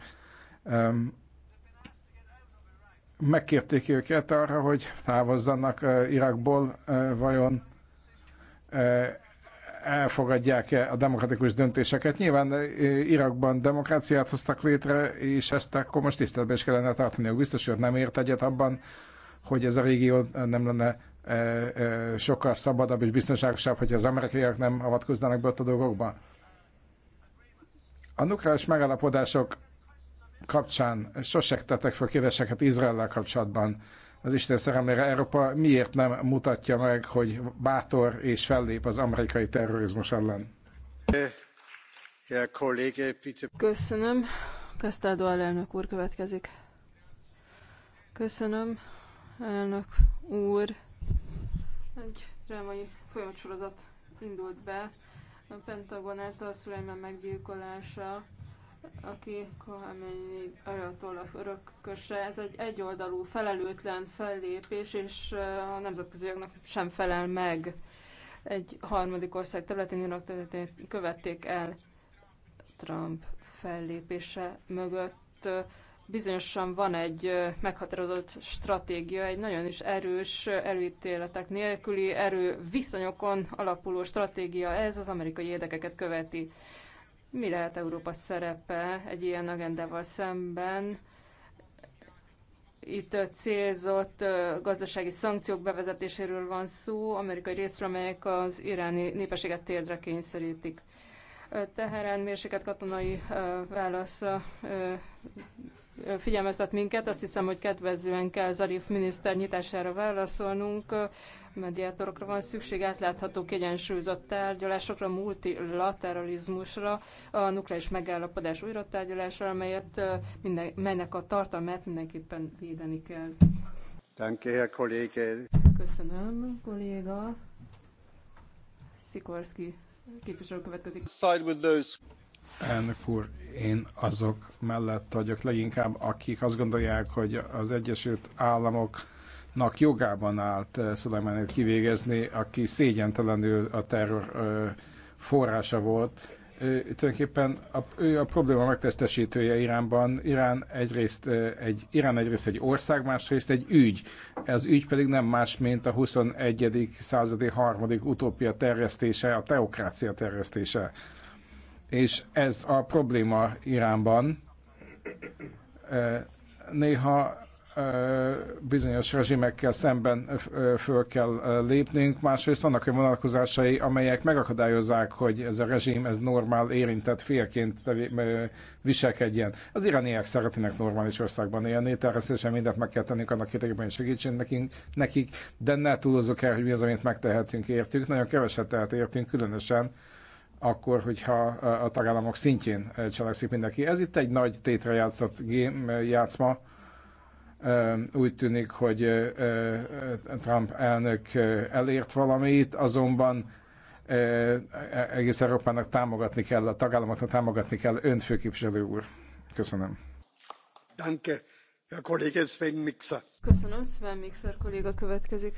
Megkérték őket arra, hogy távozzanak Irakból, vajon Eh, elfogadják-e a demokratikus döntéseket. Nyilván eh, Irakban demokráciát hoztak létre, és ezt akkor most tiszteletben is kellene tartani. A biztos hogy nem ért egyet abban, hogy ez a régió nem lenne eh, sokkal szabadabb és biztonságosabb, hogy az amerikaiak nem avatkoznának be ott a dolgokba. A nukleáris megállapodások kapcsán sosem tettek fel kérdéseket izrael kapcsolatban az Isten szeremlére Európa miért nem mutatja meg, hogy bátor és fellép az amerikai terrorizmus ellen? Köszönöm. Kasztádó alelnök úr következik. Köszönöm, elnök úr. Egy drámai folyamatsorozat indult be. A Pentagon által Szulajman meggyilkolása aki Kohamei Ayatollah örököse. Ez egy egyoldalú, felelőtlen fellépés, és a nemzetközi jognak sem felel meg. Egy harmadik ország területén, Irak területén követték el Trump fellépése mögött. Bizonyosan van egy meghatározott stratégia, egy nagyon is erős előítéletek nélküli erő viszonyokon alapuló stratégia. Ez az amerikai érdekeket követi mi lehet Európa szerepe egy ilyen agendával szemben. Itt célzott gazdasági szankciók bevezetéséről van szó, amerikai részről, amelyek az iráni népességet térdre kényszerítik. Teherán mérséket katonai válasz figyelmeztet minket. Azt hiszem, hogy kedvezően kell Zarif miniszter nyitására válaszolnunk mediátorokra van szükség, átlátható, kiegyensúlyozott tárgyalásokra, multilateralizmusra, a nukleáris megállapodás újra tárgyalásra, amelyet minden, melynek a tartalmát mindenképpen védeni kell. Danke, Herr Kollege. Köszönöm, kolléga. Sikorski. képviselő következik. Side with those. Elnök úr, én azok mellett vagyok leginkább, akik azt gondolják, hogy az Egyesült Államok nak jogában állt eh, Szulajmánét kivégezni, aki szégyentelenül a terror eh, forrása volt. Ő, tulajdonképpen a, ő a probléma megtestesítője Iránban. Irán egyrészt eh, egy, Irán egyrészt egy ország, másrészt egy ügy. Ez ügy pedig nem más, mint a 21. századi harmadik utópia terjesztése, a teokrácia terjesztése. És ez a probléma Iránban. Néha bizonyos rezsimekkel szemben föl kell lépnünk, másrészt vannak olyan vonalkozásai, amelyek megakadályozzák, hogy ez a rezsim, ez normál érintett félként viselkedjen. Az irániek szeretnének normális országban élni, természetesen mindent meg kell tennünk annak érdekében, hogy segítsen nekik, nekik, de ne túlozzuk el, hogy mi az, amit megtehetünk értük. Nagyon keveset tehet értünk, különösen akkor, hogyha a tagállamok szintjén cselekszik mindenki. Ez itt egy nagy tétre játszott game, játszma, úgy tűnik, hogy Trump elnök elért valamit, azonban e, egész Európának támogatni kell, a tagállamoknak támogatni kell. Ön főképviselő úr. Köszönöm. Danke. A kolléga Sven Mixer. Köszönöm, Sven Mixer kolléga következik.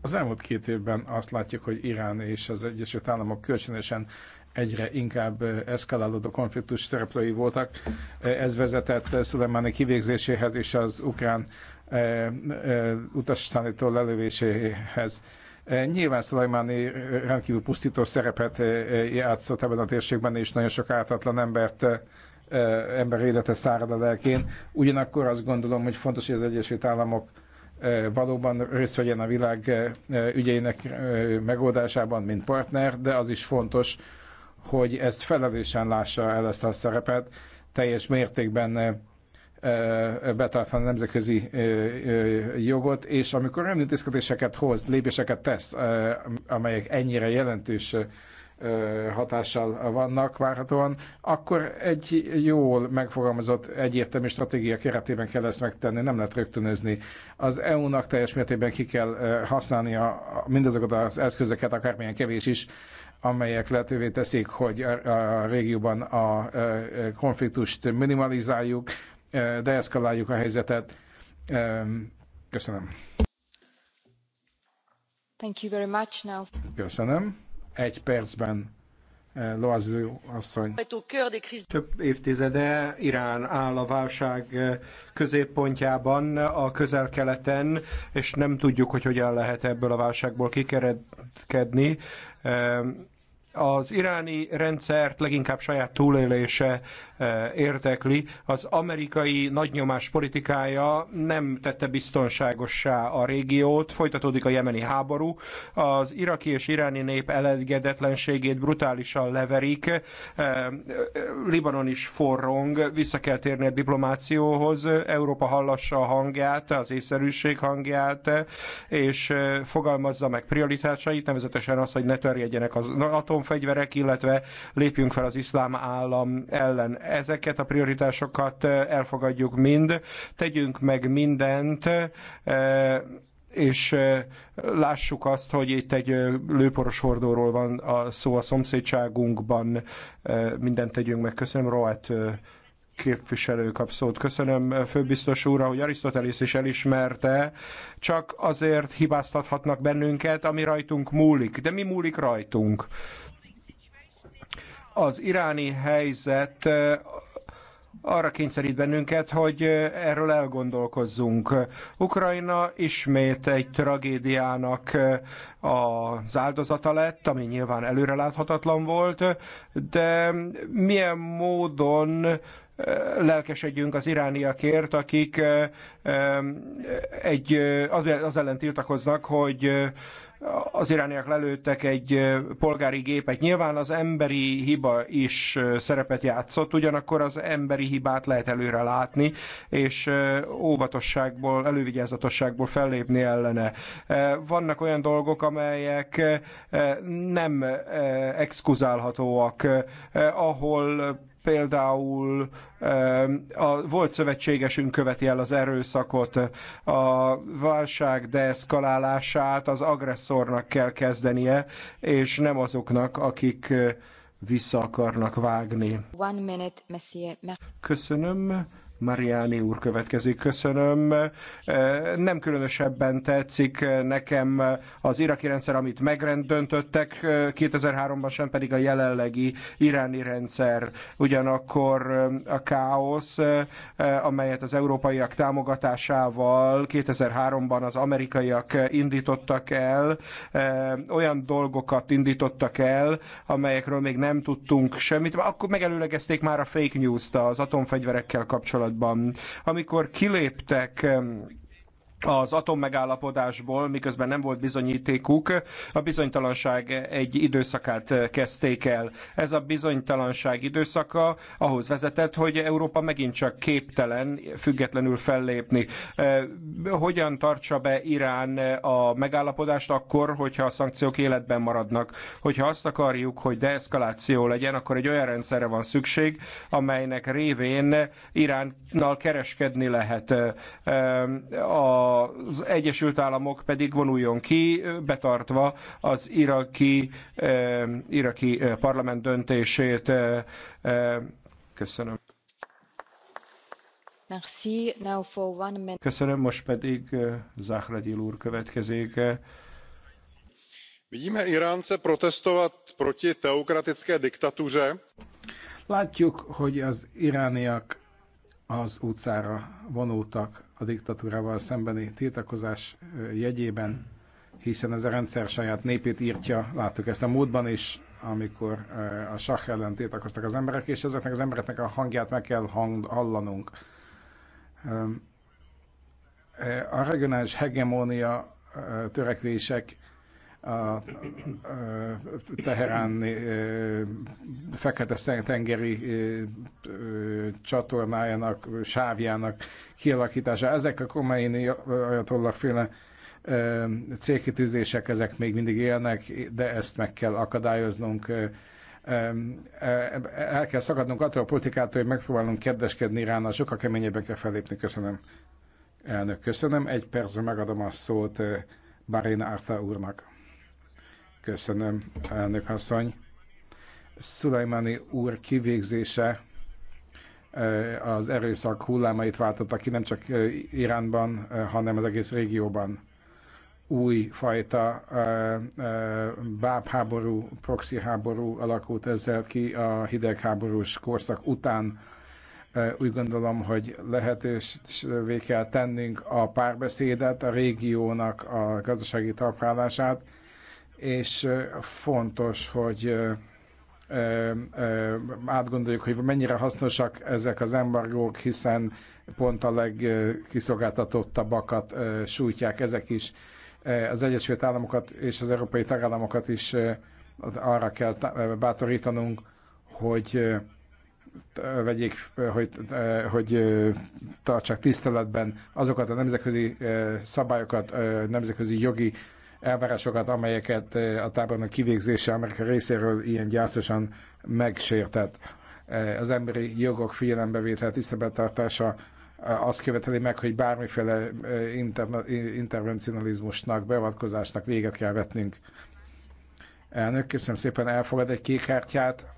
Az elmúlt két évben azt látjuk, hogy Irán és az Egyesült Államok kölcsönösen egyre inkább eszkalálódó konfliktus szereplői voltak. Ez vezetett Szulemáni kivégzéséhez és az ukrán utasszállító lelövéséhez. Nyilván Szulajmáni rendkívül pusztító szerepet játszott ebben a térségben, és nagyon sok ártatlan embert ember élete szárad a lelkén. Ugyanakkor azt gondolom, hogy fontos, hogy az Egyesült Államok valóban részt vegyen a világ ügyeinek megoldásában, mint partner, de az is fontos, hogy ezt felelősen lássa el ezt a szerepet, teljes mértékben betartani a nemzetközi jogot, és amikor olyan intézkedéseket hoz, lépéseket tesz, amelyek ennyire jelentős hatással vannak várhatóan, akkor egy jól megfogalmazott egyértelmű stratégia keretében kell ezt megtenni, nem lehet rögtönözni. Az EU-nak teljes mértékben ki kell használnia mindazokat az eszközöket, akármilyen kevés is, amelyek lehetővé teszik, hogy a, régióban a konfliktust minimalizáljuk, deeszkaláljuk a helyzetet. Köszönöm. Thank you very much now. Köszönöm. Egy percben Loazio asszony. Több évtizede Irán áll a válság középpontjában a közel-keleten, és nem tudjuk, hogy hogyan lehet ebből a válságból kikeredkedni az iráni rendszert leginkább saját túlélése érdekli. Az amerikai nagynyomás politikája nem tette biztonságossá a régiót, folytatódik a jemeni háború, az iraki és iráni nép elégedetlenségét brutálisan leverik, Libanon is forrong, vissza kell térni a diplomációhoz, Európa hallassa a hangját, az észszerűség hangját, és fogalmazza meg prioritásait, nevezetesen az, hogy ne terjedjenek az atomfegyverek, illetve lépjünk fel az iszlám állam ellen ezeket a prioritásokat elfogadjuk mind, tegyünk meg mindent, és lássuk azt, hogy itt egy lőporos hordóról van a szó a szomszédságunkban, mindent tegyünk meg. Köszönöm, Roat képviselő kap szót. Köszönöm főbiztos úr, hogy Arisztotelész is elismerte, csak azért hibáztathatnak bennünket, ami rajtunk múlik. De mi múlik rajtunk? az iráni helyzet arra kényszerít bennünket, hogy erről elgondolkozzunk. Ukrajna ismét egy tragédiának az áldozata lett, ami nyilván előreláthatatlan volt, de milyen módon lelkesedjünk az irániakért, akik egy, az, az ellen tiltakoznak, hogy az irániak lelőttek egy polgári gépet. Nyilván az emberi hiba is szerepet játszott, ugyanakkor az emberi hibát lehet előre látni, és óvatosságból, elővigyázatosságból fellépni ellene. Vannak olyan dolgok, amelyek nem exkuzálhatóak, ahol például a volt szövetségesünk követi el az erőszakot, a válság deeszkalálását az agresszornak kell kezdenie, és nem azoknak, akik eh, vissza akarnak vágni. One minute, Köszönöm. Mariani úr következik. Köszönöm. E, nem különösebben tetszik nekem az iraki rendszer, amit megrendöntöttek 2003-ban, e, sem pedig a jelenlegi iráni rendszer. Ugyanakkor e, a káosz, amelyet az európaiak támogatásával 2003-ban az amerikaiak indítottak el, olyan dolgokat indítottak el, amelyekről még nem tudtunk semmit. Akkor megelőlegezték már a fake news-t az atomfegyverekkel kapcsolatban kapcsolatban. Amikor kiléptek az atommegállapodásból, miközben nem volt bizonyítékuk, a bizonytalanság egy időszakát kezdték el. Ez a bizonytalanság időszaka ahhoz vezetett, hogy Európa megint csak képtelen függetlenül fellépni. E, hogyan tartsa be Irán a megállapodást akkor, hogyha a szankciók életben maradnak? Hogyha azt akarjuk, hogy deeszkaláció legyen, akkor egy olyan rendszerre van szükség, amelynek révén Iránnal kereskedni lehet. E, a az Egyesült Államok pedig vonuljon ki, betartva az iraki, eh, iraki eh, parlament döntését. Eh, köszönöm. Merci. Now for one minute. Köszönöm, most pedig Zahradil úr következik. Vidíme Iránce protestovat proti teokratické diktatuře. Látjuk, hogy az irániak az utcára vonultak a diktatúrával szembeni tiltakozás jegyében, hiszen ez a rendszer saját népét írtja. Láttuk ezt a módban is, amikor a sah ellen tiltakoztak az emberek, és ezeknek az embereknek a hangját meg kell hang- hallanunk. A regionális hegemónia törekvések a Teheráni Fekete-tengeri csatornájának, sávjának kialakítása. Ezek a komeini ajatollah féle célkitűzések, ezek még mindig élnek, de ezt meg kell akadályoznunk. El kell szakadnunk attól a politikától, hogy megpróbálunk kedveskedni Iránnal, sokkal keményebben kell fellépni. Köszönöm. Elnök, köszönöm. Egy percre megadom a szót Barina Arta úrnak. Köszönöm, elnök asszony. Szulajmani úr kivégzése az erőszak hullámait váltotta ki nem csak Iránban, hanem az egész régióban. Új fajta bábháború, proxy háború alakult ezzel ki a hidegháborús korszak után. Úgy gondolom, hogy lehetővé kell tennünk a párbeszédet, a régiónak a gazdasági talprálását, és fontos, hogy átgondoljuk, hogy mennyire hasznosak ezek az embargók, hiszen pont a legkiszolgáltatottabbakat sújtják ezek is. Az Egyesült Államokat és az európai tagállamokat is arra kell bátorítanunk, hogy vegyék, hogy, hogy tartsák tiszteletben azokat a nemzetközi szabályokat, nemzetközi jogi elvárásokat, amelyeket eh, a tábornok kivégzése Amerika részéről ilyen gyászosan megsértett. Eh, az emberi jogok figyelembevétel tisztelettartása eh, azt követeli meg, hogy bármiféle interna- intervencionalizmusnak, beavatkozásnak véget kell vetnünk. Elnök, köszönöm szépen, elfogad egy kék kártyát.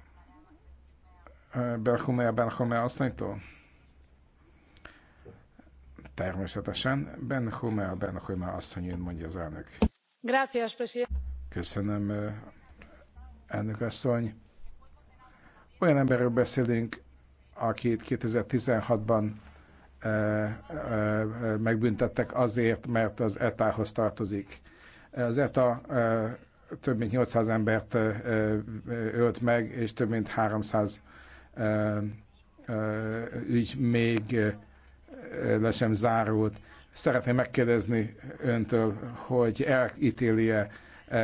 Berhumea, Berhome asszonytól? Természetesen. Ben Homer, Ben Homer asszony, mondja az elnök. Köszönöm, eh, elnök asszony. Olyan emberről beszélünk, akit 2016-ban eh, eh, megbüntettek azért, mert az ETA-hoz tartozik. Az ETA több mint 800 embert ölt meg, és több mint 300 ügy még le sem zárult. Szeretném megkérdezni öntől, hogy elítélje e,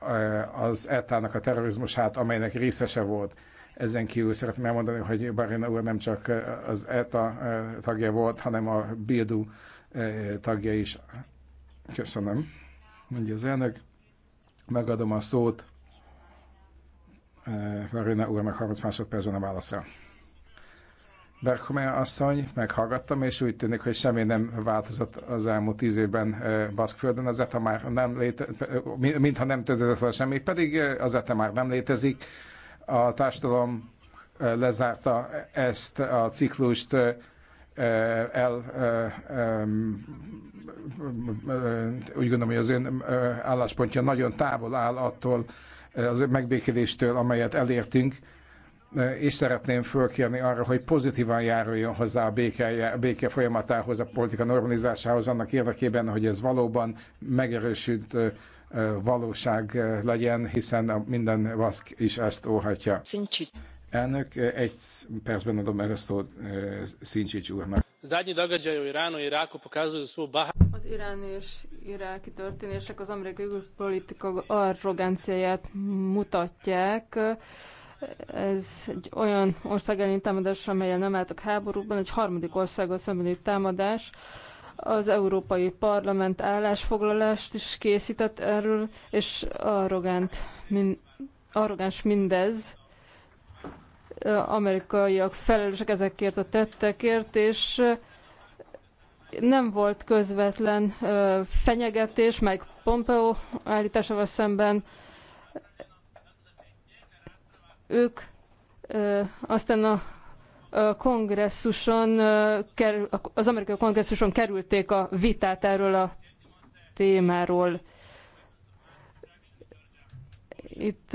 e az ETA-nak a terrorizmusát, amelynek részese volt. Ezen kívül szeretném elmondani, hogy Barina úr nem csak az ETA e, tagja volt, hanem a Bildu e, tagja is. Köszönöm, mondja az elnök. Megadom a szót Barina úrnak 30 másodpercben a válaszra. Berkhome asszony, meghallgattam, és úgy tűnik, hogy semmi nem változott az elmúlt tíz évben Baszkföldön. Az ETA már nem létezik, mintha nem történt semmi, pedig az ETA már nem létezik. A társadalom lezárta ezt a ciklust, el, úgy gondolom, hogy az ön álláspontja nagyon távol áll attól az megbékéléstől, amelyet elértünk és szeretném fölkérni arra, hogy pozitívan járuljon hozzá a béke, a béke folyamatához, a politika normalizásához, annak érdekében, hogy ez valóban megerősült valóság legyen, hiszen minden vaszk is ezt óhatja. Szincsit. Elnök, egy percben adom el a szót Szincsics úrnak. Az irán és iráki történések az amerikai politika arroganciáját mutatják. Ez egy olyan ország elleni támadás, amelyen nem álltak háborúban, egy harmadik országgal szembeni támadás. Az Európai Parlament állásfoglalást is készített erről, és arrogant, min, arrogáns mindez, amerikaiak felelősek ezekért a tettekért, és nem volt közvetlen fenyegetés, meg Pompeo állításával szemben ők ö, aztán a, kongresszuson, az amerikai kongresszuson kerülték a vitát erről a témáról. Itt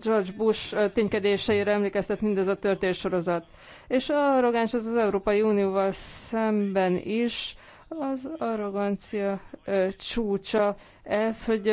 George Bush ténykedéseire emlékeztet mindez a történetsorozat. És arrogáns az az Európai Unióval szemben is, az arrogancia csúcsa ez, hogy